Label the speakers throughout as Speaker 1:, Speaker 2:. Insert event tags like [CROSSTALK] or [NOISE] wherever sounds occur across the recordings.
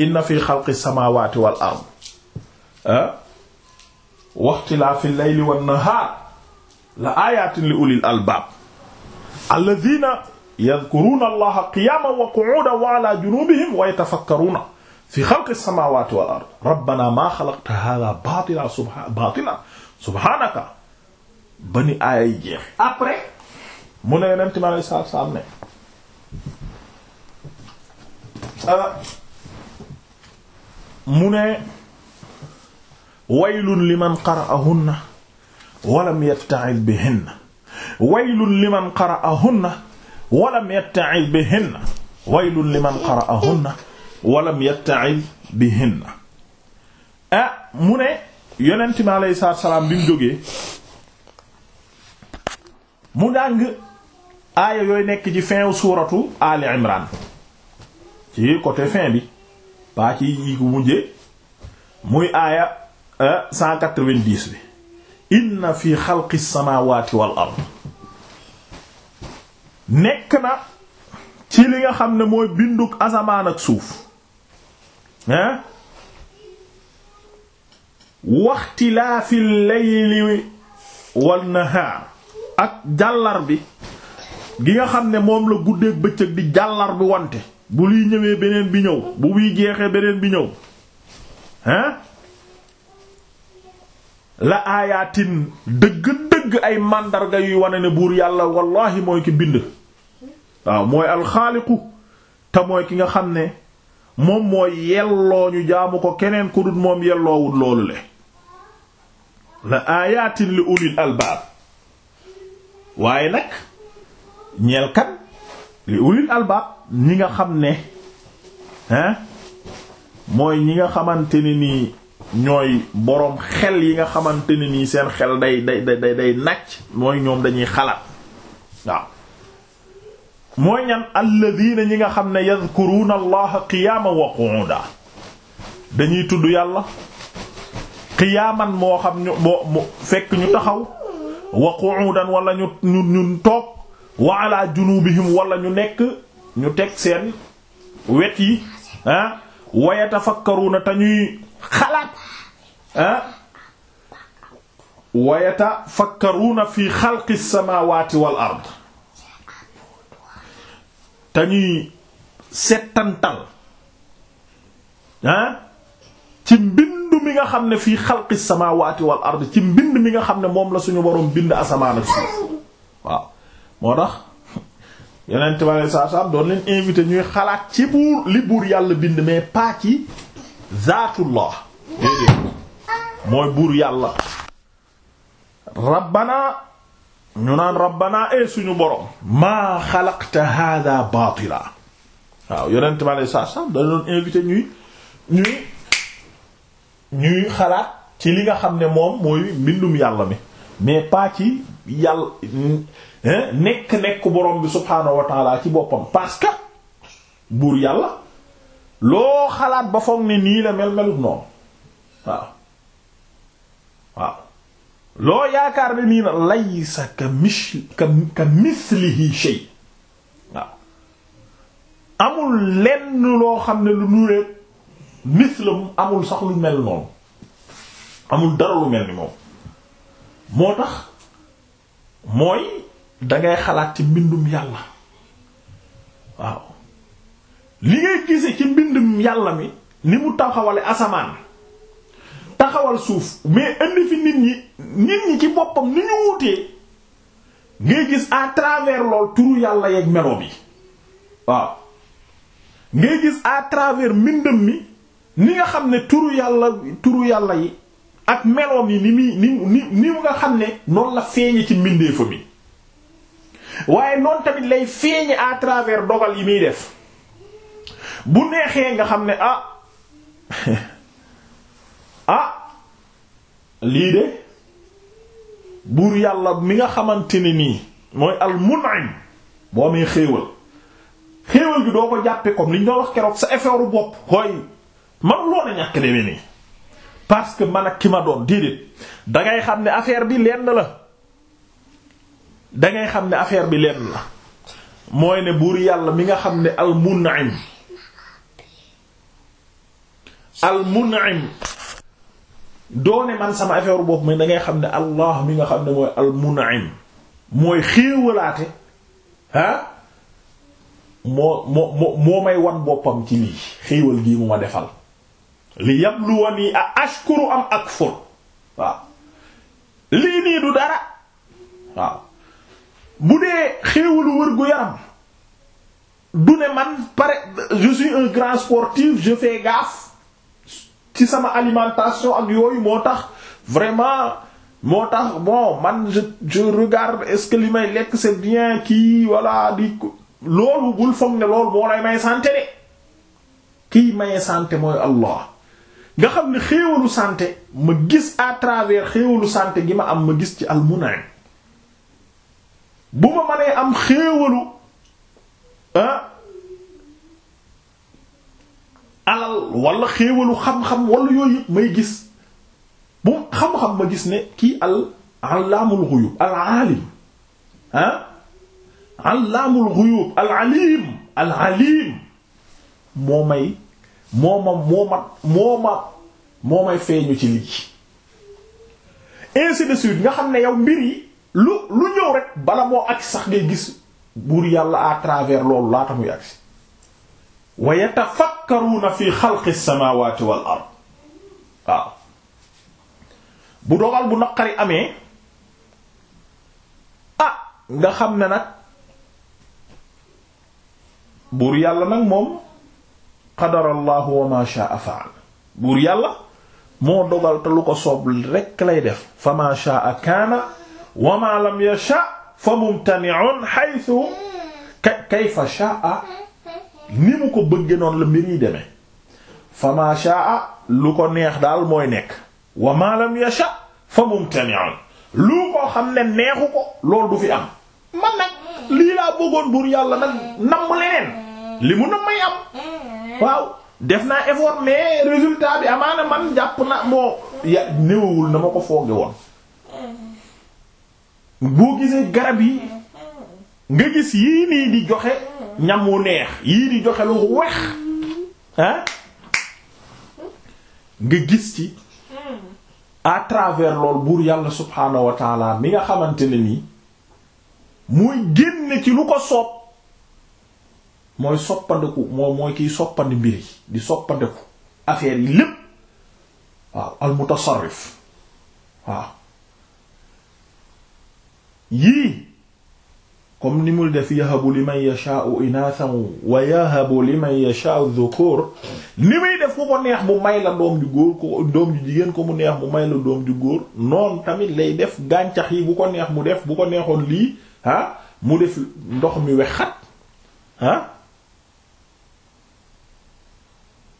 Speaker 1: inna fi xalqi samaawaati wal ard ah waxtilaafi layli wan nahaar la aayaatin li ulil albaab alladhiina yadhkuruuna allaha qiyaaman wa qu'uudan wa alaa junuubihim wa yatafakkaruuna fi xalqi samaawaati wal ard rabbanaa maa xalaqta haadhaa baatilan subhaanaka subhaanaka ba ni aayay jeex après mu ne Yonent mi alayhi salaatu wa salaam ne ah, mu ne waylun liman qara'ahunna walam yatta'iz bihinna waylun liman qara'ahunna walam yatta'iz bihinna waylun liman qara'ahunna walam yatta'iz bihinna ah mu ne yonent mi alayhi salaatu wa salaam bi mu jógee mu jàng aaya yooyu nekk ci fin wu suuratu Ali Imran ci côté fin bi paa ci yi ko mujje muy aaya 190 euh, bi inna fi xalqi samawati wal ard nekk na ci li nga xam ne mooy binduk asamaan ak suuf hein waxtilaafi layli wal nahaar ak jàllar gi nga xam ne moom la guddeeg bëccëg di jàllar bi wante bu liy ñëwee beneen bi ñëw bu buy jeexee beneen bi ñëw hein la aayatin dëgg-dëgg ay màndarga yuy wane ne buur yàlla wallahi mooy ki bind waaw mooy alxaaliqu te ki nga xam ne moom mooy yelloo ñu jaamu ko keneen ku dul moom yelloowul loolu le la aayatin li ulil albaab waaye nag ñeel kat li ulil albaab ñi nga xam ne hein mooy ñi nga xamante ne nii ñooy boroom xel yi nga xamante ne nii seen xel day day day day nàcc mooy ñoom dañuy xalaat waaw mooy ñan alladina ñi nga xam ne yadhkuruna allaha qiyaaman wa qu'uda dañuy tudd yàlla qiyaaman moo xam ñu fekk ñu taxaw wa qu'udan wala ñu ñu ñu toog wa ala junubihim wala ñu nekk ñu teg seen wet yi ah wayatafakkaruna te ñuy xalaat ah wayatafakkaruna fi xalqi samawati wal ard te ñuy settantal ah, ci mbind mi nga xam ne fii xalqi samawati wal ard ci mbind mi nga xam ne moom la suñu boroom bind asamaan ak suuf waaw moo tax yeneen tubaab yi saa doon leen invité ñuy xalaat ci buur li buur yàlla bind mais pas ci zaatullah déedéet mooy buur yàlla. rabbana ñu naan rabbana ee eh, suñu borom. maa xalakt haadaa baatila waaw yeneen tubaab yi saa saam dañ doon invité ñuy ñuy ñuy xalaat ci li nga xam ne moom mooy mbindum yàlla mi mais pas yàlla nekk nekk borom bi subhaanahu wa taala ci boppam parce que buur yàlla loo xalaat ba foog ne nii la mel melut noonu waaw waaw loo yaakaar ne nii la laysa ka mis ka ka mislihi shay waaw amul lenn loo xam ne lu nureet mislam amul sax lu mel noonu amul dara lu mel ni moom moo tax mooy dangay xalaat ci mbindum yàlla waaw li ngay gise ci mbindum yàlla mi ni mu taxawale asamaan taxawal suuf mais indi fi nit ñi nit ñi ci boppam ni ñu wutee ngay gis à travers lool turu yàlla yeeg melo bi waaw ngay gis à travers mbindam mi ni nga xam ne turu yàlla turu yàlla yi ak meloom yi ni muy ni ni ni nga xam ne noonu la feeñe ci mbindeefa mi waaye noonu tamit lay feeñe à travers dogal yi muy def bu neexee nga xam ne ah, [LAUGHS] ah lii de buur yàlla mi nga xamante ni nii mooy al mun'im boo muy xéewal xéewal bi doo ko jàppe comme li ñu wax keroog sa effort bopp hooy man loona ñàkk demee nii parce que man ak ki ma doon déedéet da xam ne affaire bi lenn la dangay xam ne affaire bi lenn la mooy ne buur yàlla mi nga xam ne al mun'im al mun'im doone man sama affaire bopp mais da ngay xam ne allah mi nga xam ne mooy al mooy xéewalaate ah moo moo moo may wan boppam ci lii xéewal gii mu ma defal li yabluwani a ashkuru am ak akfur waaw lii nii du dara waaw bu dee xéewalu wër gu yaram du ne man pare je un grand sportif je fais gaffe ci sama alimentation ak yooyu moo tax vraiment moo tax bon man je je regarde est-ce que li may lekk c'est bien kii voilà di loolu bul foog ne loolu moo lay may santé de kii maye santé mooy Allah nga xam ne xéewalu santé ma gis à travers xéewalu santé gi ma am ma gis ci almunaam bu ma mënee am xéewalu ah alal wala xéewalu xam-xam wala yooyu may gis bu xam-xam ma gis ne kii al allaamul ghuyub al alim ah al alim moo may moo ma moo ma moo ma moo may feeñu ci lii ainsi de suite nga xam ne yow mbir yi lu lu ñëw rek bala moo agsi sax ngay gis buur yàlla à travers loolu laata muy agsi wa yatafakkaruna fi xalqi samawati wal ard waaw bu dogal bu naqari amee ah nga xam ne nag buur yàlla nag moom ma sha'a fa'al buur yàlla moo dogal te lu ko soob rekk lay def fa ma sha'a kaana wa ma lam yasha fa mumtani'un haythu kayfa sha'a ni mu ko bëgge noonu la mbir yi demee fa ma sha'a lu ko neex daal mooy nekk wa ma lam yasha fa mumtani'un lu ko xam ne neexu ko loolu du fi am man nag lii laa bëggoon buur yàlla nag namm leneen li mu nam may am waaw def naa effort mais résultat bi amaana man jàpp na moo ya néewul na ma ko fooge woon boo gisee garab yi nga gis yii nii di joxe ñam wu neex yii di joxe lu weex nga gis ci à travers lool buur yàlla subhaanahu wa taala nga xamante ne nii muy génn ci lu ko soob mooy soppandeku moom mooy kiy soppandi mbir yi di soppandeku affaire yi lépp waaw al waaw yii comme ni mu def yahabu liman yasha'u inathan wa li liman yasha'u dhukur ni muy def ku ko neex mu may la doom ju góor ko doom ju jigéen ko mu neex mu may la doom ju góor noonu tamit lay def gàncax yi bu ko neex mu def bu ko neexoon lii ah mu def ndox mi wexat ah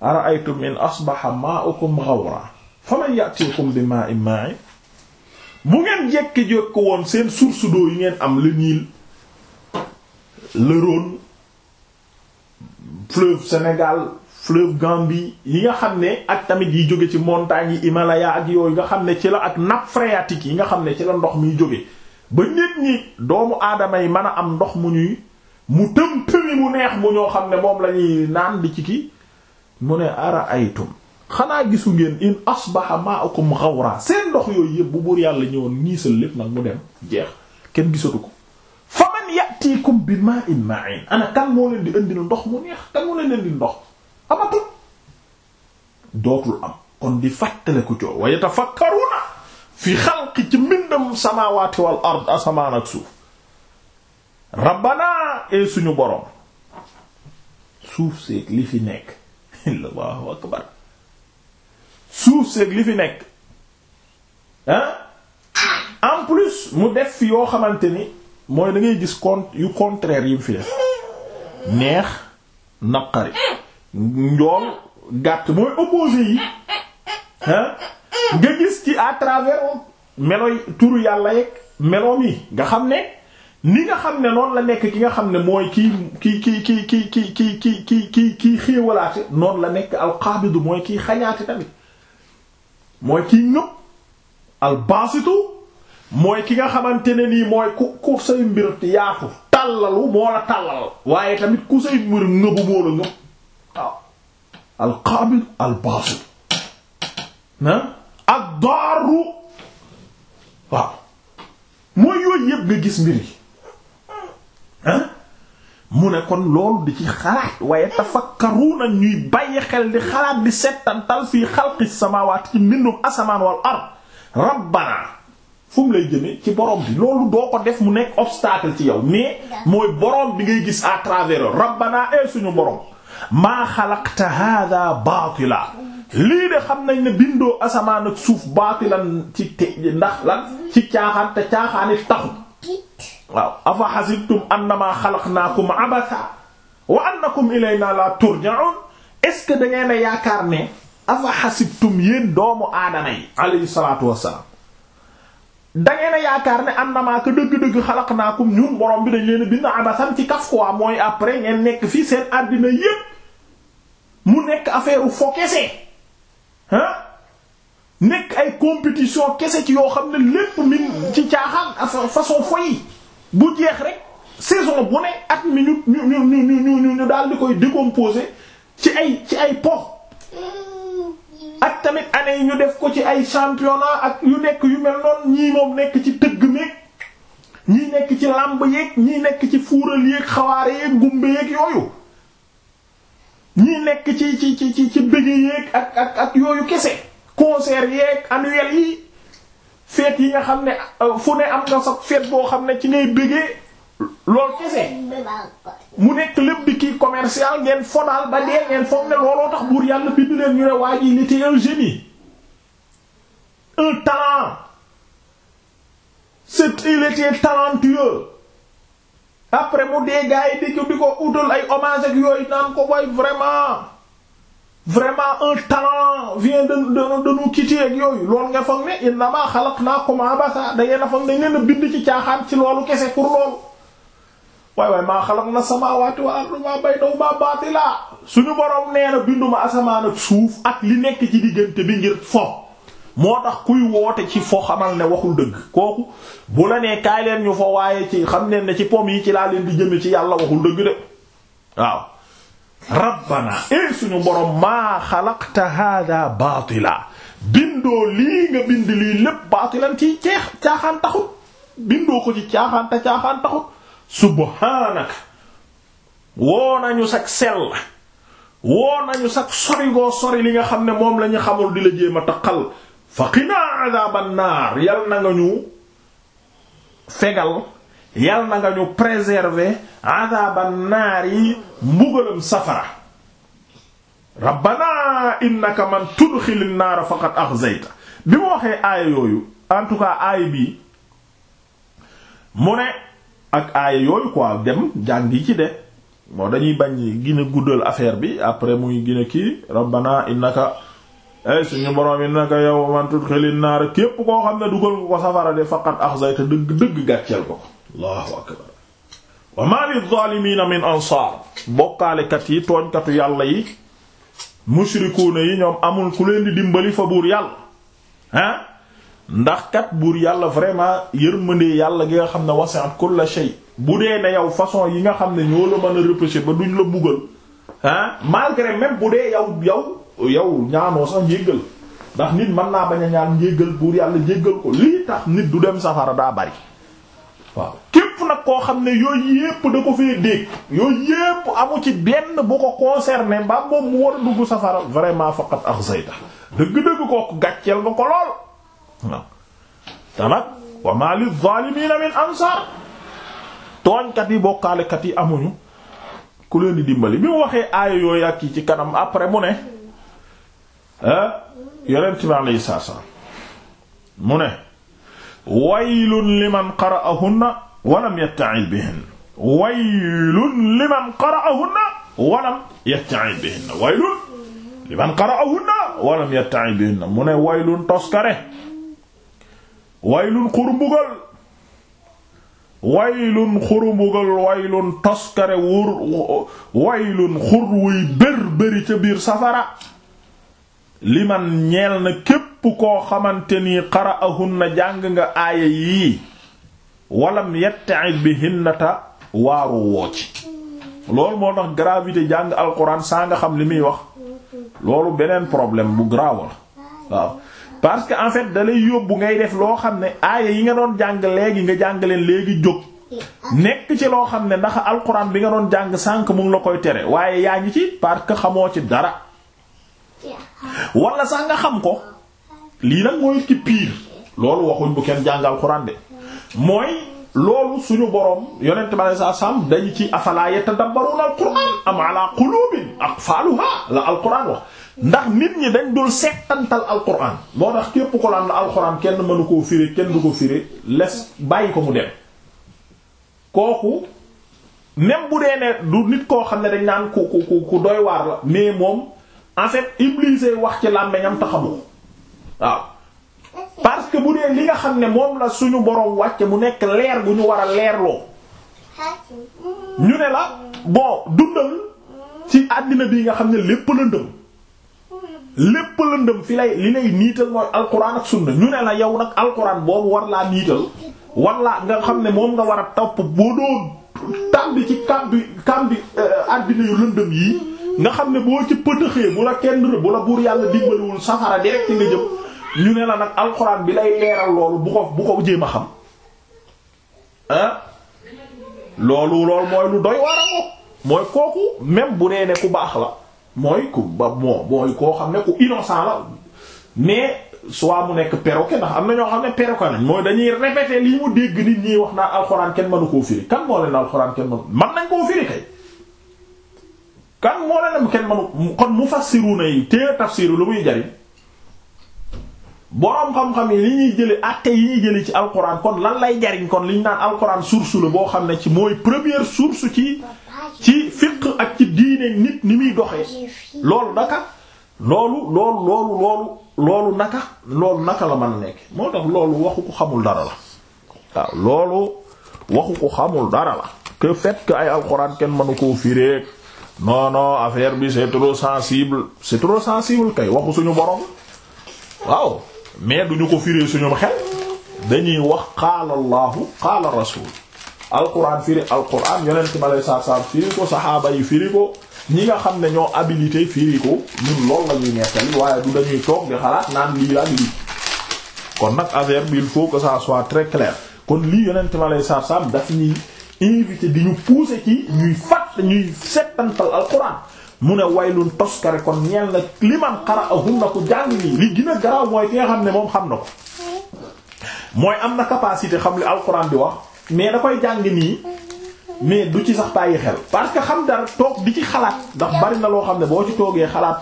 Speaker 1: ara'aytum in asbaha ma'ukum ghawra faman ya'tikum bi ma'in ma'in bu ngeen jékki-jékki woon seen source d'eau yi ngeen am le Nil le Rhône fleuve Sénégal fleuve Gambie yi nga xam ne ak tamit yi jóge ci montagnes yi Himalaya ak yooyu nga xam ne ci la ak nappe phréatique yi nga xam ne ci la ndox muy jóge ba nit ñi doomu aadama yi mën a am ndox mu ñuy mu tëm tëmi mu neex mu ñoo xam ne moom la ñuy naan di ci ki mu ne ara aytum xanaa gisu ngeen in asbaha ma'ukum ghawra seen ndox yooyu yëpp bu buur yàlla ñëwoon niisal lépp nag mu dem jeex kenn gisatu ko faman ya'tikum bi ma'in ma'in ana kan moo leen di indil ndox mu neex kan moo leen indi ndox amatul dootul am kon di fàttale ku coow wa yatafakkaruna fi xalqi ci mbindam samawati wal ard asamaan ak suuf rabbana e suñu borom suuf seeg li fi nekk waaw ak suuf seeg li fi nekk ah en plus mu def fi yoo xamante ni mooy da ngay gis con yu contraire yi mu neex naqari njool gàtt mooy opposé yi ah nga gis ci à travers melo turu yàlla yeeg meloom yi nga xam ne ni nga xam ne noonu la nekk ki nga xam ne mooy kii kii kii kii kii kii kii kii kii kii kii xéewalaate noonu la nekk alxaabidu mooy kii xañaate tamit mooy kii ñëpp albaasitu mooy ki nga xamante ne nii mooy ku ku say mbir yaatu tàllalu moo la tàllal waaye tamit ku say mbir ngëbu moo la ngëb waaw alxaabidu albaasitu ah ad daaru waaw mooy yooyu yëpp nga gis mbir yi ah mu ne kon loolu di ci xalaat waaye tafakkaruuna ñuy bàyyi xel di xalaat di settantal fii xalqi samaawaat ci mbindum asamaan wal ard rabbana fu lay jëme ci borom bi loolu doo ko def mu nekk obstacle ci yow mais mooy borom bi ngay gis à travers rabbana e suñu borom maa xalaqta hada baatila lii de xam nañ ne bindoo asamaan ak suuf baatilan ci te ndax lan ci caaxaan te caaxaani taxu waaw afa hasibtum annama xalaqnaakum abasa wa annakum ilayna la turja'un est-ce que da ngeen a yaakaar ne afa hasibtum yéen doomu aadama yi alayhi salaatu wassalaam da ngeen yaakaar ne annama ka dëgg-dëgg xalaqnaakum ñun borom bi dañ leen a bind abasan ci kaf quoi mooy après ngeen nekk fii seen àddina yépp mu nekk affaire fo kese ah nekk ay compétition kese ci yoo xam ne lépp min ci caaxaan façon foyi bu jeex rek saison bu ne at mi ñu ñu ñu ñu ñu ñu daal di koy décomposer ci ay ci ay pox ak tamit année yi ñu def ko ci ay championnat ak yu nekk yu mel noonu ñii moom nekk ci tëgg meeg ñii nekk ci làmb yeeg ñii nekk ci fuural yeeg xawaare yeeg gumbe yeeg yooyu ñii nekk ci ci ci ci ci bëgg yeeg ak ak ak yooyu kese concert yeeg annuel yi feet yi nga xam ne euh, fu ne am nga sax feet boo xam ne ci ngay bëggee lool kese mu nekk lépp di kii commercial ngeen fodaal ba dee ngeen foog ne looloo tax buur yàlla bind leen ñu ne waa ji il était un génie un talent c'est il était après mu dee gaa yi di ko di ko utal ay hommage yooyu naan ko boy vraiment vraiment un talent vient de de de nous quitter ak yooyu loolu nga foog ne innama xalaqnaakum abasa da ngeen a foog ne ngeen a bind ci caaxaan ci loolu kese pour loolu. waay waay maa xalaqna samaawaati wal arda maa baynahuma baatila suñu borom asamaan ak suuf ak li nekk ci diggante bi ngir fo. moo tax kuy woote ci fo xamal ne waxul dëgg kooku bu la nee kaay leen ñu fo waaye ci xam ne na ci pom yi ci laa leen di jëme ci yàlla waxul dëgg de waaw. rabbana ee eh, suñu borom maa xalaqta hada baatila bindoo lii nga bind lii lépp baatilan ci ceex caaxaan taxut bindoo ko ci caaxaan te caaxaan taxut subhaanaka woo nañu sag sell woo nañu sag sori goo sori li nga xam ne moom la ñu xamul di la jéem a taqal faqinaa adaaban naar yal na nga ñu fegal yal na nga ñu préserver adaban naari mbugalam safara rabbana innaka man tudxilin naara faqad axzayta bi mu waxee aaya yooyu en tout cas aaya bii mu ne ak aaya yooyu quoi dem jàngi ci de moo dañuy bañ gën a guddal affaire bi après muy gën a kii rabbana innaka ay eh, suñu borom innaka yow man tudxilin naara képp koo xam ne dugal nga ko safara de faqad axzayta dëgg dëgg gàcceel ko allahu akbar wa ma lil zaalimiina min ansaar bokkaalekat yi tooñkatu yàlla yi mushrikuuna yi ñoom amul ku leen di dimbali fa buur yàlla ah ndax kat buur yàlla vraiment yërmandee yàlla gi nga xam ne wasi'at kulla shay bu dee ne yow façon yi nga xam ne ñoo la mën a repêcher ba duñ la buggal ah malgré même bu dee yow yow yow ñaanoo sax njéggal ndax nit mën naa bañ a ñaan njéggal buur yàlla njéggal ko lii tax nit du dem safara daa bari waaw képp nag koo xam ne yooyu yépp da ko fee dégg yooyu yépp amu ci benn bu ko concerné ba moom mu war a dugg safara vraiment faqat akhzayta dëgg-dëgg kooku gàcceel nga ko lool waaw te nag wa ma lil zalimina min tooñkat yi bokkaalekat yi amuñu ku leen di dimbali bi mu waxee aaya yooyu ak yi ci kanam après mu ne yonent bi alayhi salaam mu ne waylun liman qara'ahunna walam yatta'il bihin waylun liman qara'ahunna walam yatta'il bihin waylun liman qara'ahunna walam yatta'il bihin mu ne waylun toskare waylun xurumbugal waylun xurumbugal waylun toskare wur waylun xur wuy bér béri ca biir safara liman ñeel na képp képp koo xamante ni qara'ahunna jàng nga aaya yii walam yatta'iz bihinnata waaru woo ci loolu moo tax gravité jàng alxuraan saa nga xam li muy wax loolu beneen problème bu grave la waaw parce que en fait dalay yóbbu ngay def loo xam ne aaya yi nga doon jàng léegi nga jàng leen léegi jóg nekk ci loo xam ne ndax alxuraan bi nga doon jàng sànq mu la koy tere waaye yaa ngi ci parce que xamoo ci dara wala sax nga xam ko lii nag mooy ki loolu waxuñ bu kenn jàngal xuraan de mooy loolu suñu boroom yonent bi alayhi salaam dañu ci afala yatadabbaruna alquran am ala qulubin aqfaluha la alquran wax ndax nit ñi dañ dul seetantal alquran moo tax képp ko laan la alquran kenn mënu koo firé kenn du ko firé les bàyyi ko mu dem kooku même bu dee ne du nit koo xam ne dañ naan ku ku ku doy waar la mais moom en fait Iblis wax ci làmmeñam taxamu waaw parce que bu dee li nga xam ne moom la suñu borom wàcce bu nekk leer bu ñu war a leerloo ñu ne la bon dundal ci àddina bi nga xam ne lépp lëndëm lépp lëndëm fi lay li lay niital mooy alquran ak sunna ne la yow nag alquran boobu war laa niital war laa nga xam ne moom nga war a topp boo doo tàmbi ci kàmbi kàmbi euh, àddina yu lëndëm yi nga xam ne boo ci pëtëxee bu la kenn bu la buur yàlla dimbaliwul safara direct nga jëm ñu ne la nag alxuraan bi lay leeral loolu bu ko bu ko jéem a xam loolu loolu mooy lu doy waar ko mooy kooku même bu nee ne ku baax la mooy ku ba bon mooy koo xam ne ku innocent la mais soit mu nekk perroquet ndax am na ñoo xam ne perroquet nañ mooy dañuy répéter lii mu dégg nit ñi wax naa alxuraan kenn mënu koo firi kan moo leen alxuraan kenn mënu man nañ koo firi kay kan moo leen kenn mënu kon mufassiruna yi te tafsir lu muy jariñ boroom xam-xam yi li ñuy jële àtte yi ñuy jële ci alquran kon lan lay jariñ kon li ñu naan alquran source la boo xam ne ci mooy première source ci ci fiqh ak ci diine nit ni muy doxee loolu naka loolu loolu loolu loolu loolu naka loolu naka la mën nekk moo tax loolu waxu ko xamul dara la waaw loolu waxu ko xamul dara la que fait ay alquran kenn mënu koo firéeg non non affaire bi c'est trop sensible c'est trop sensible kay waxu suñu borom waaw mais duñu ko firi suñu xel dañuy wax qaala allahu qaala rasul alquran firi alquran yonent ma lay saar saar firi ko saxaaba yi firi ko ñi nga xam ne ñoo habilité firi ko ñun loolu la ñuy nettali waaye du dañuy toog di xalaat naan lii la lii kon nag affaire bi il faut que ça soit très clair kon lii yonent ma lay saar saar daf ñuy invité di ñu pousser ci ñuy fat ñuy settantal alquran mu ne waylun toskare kon ñeel na liman na ku jàng nii li gën garaaw mooy ki nga xam ne moom xam na ko mooy am na capacité xam li alxuraan bi wax mais da koy jàng nii mais du ci sax bàyyi xel parce que xam dara toog di ci xalaat ndax bari na loo xam ne boo ci toogee xalaat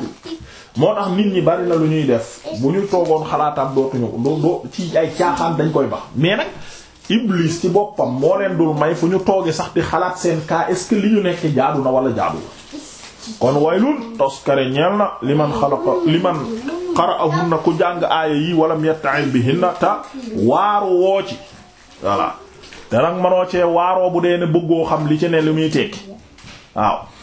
Speaker 1: moo tax nit ñi bari na lu ñuy def bu ñu toogoon xalaatam dootuñu doo doo ci ay caaxaan dañ koy bax mais nag iblis ci boppam moo leen dul may fu ñu toogee sax di xalaat seen cas est-ce li ñu nekk jaadu na wala jaadu kon waylun toskare ñeel na li man xalaqa li man qara'ahunna ku jàng aaya yi walam yatta'in bihinna ta waaru woo ci voilà te nag manoo cee waaroo bu dee ne bëggoo xam li ci ne li muy tekki waaw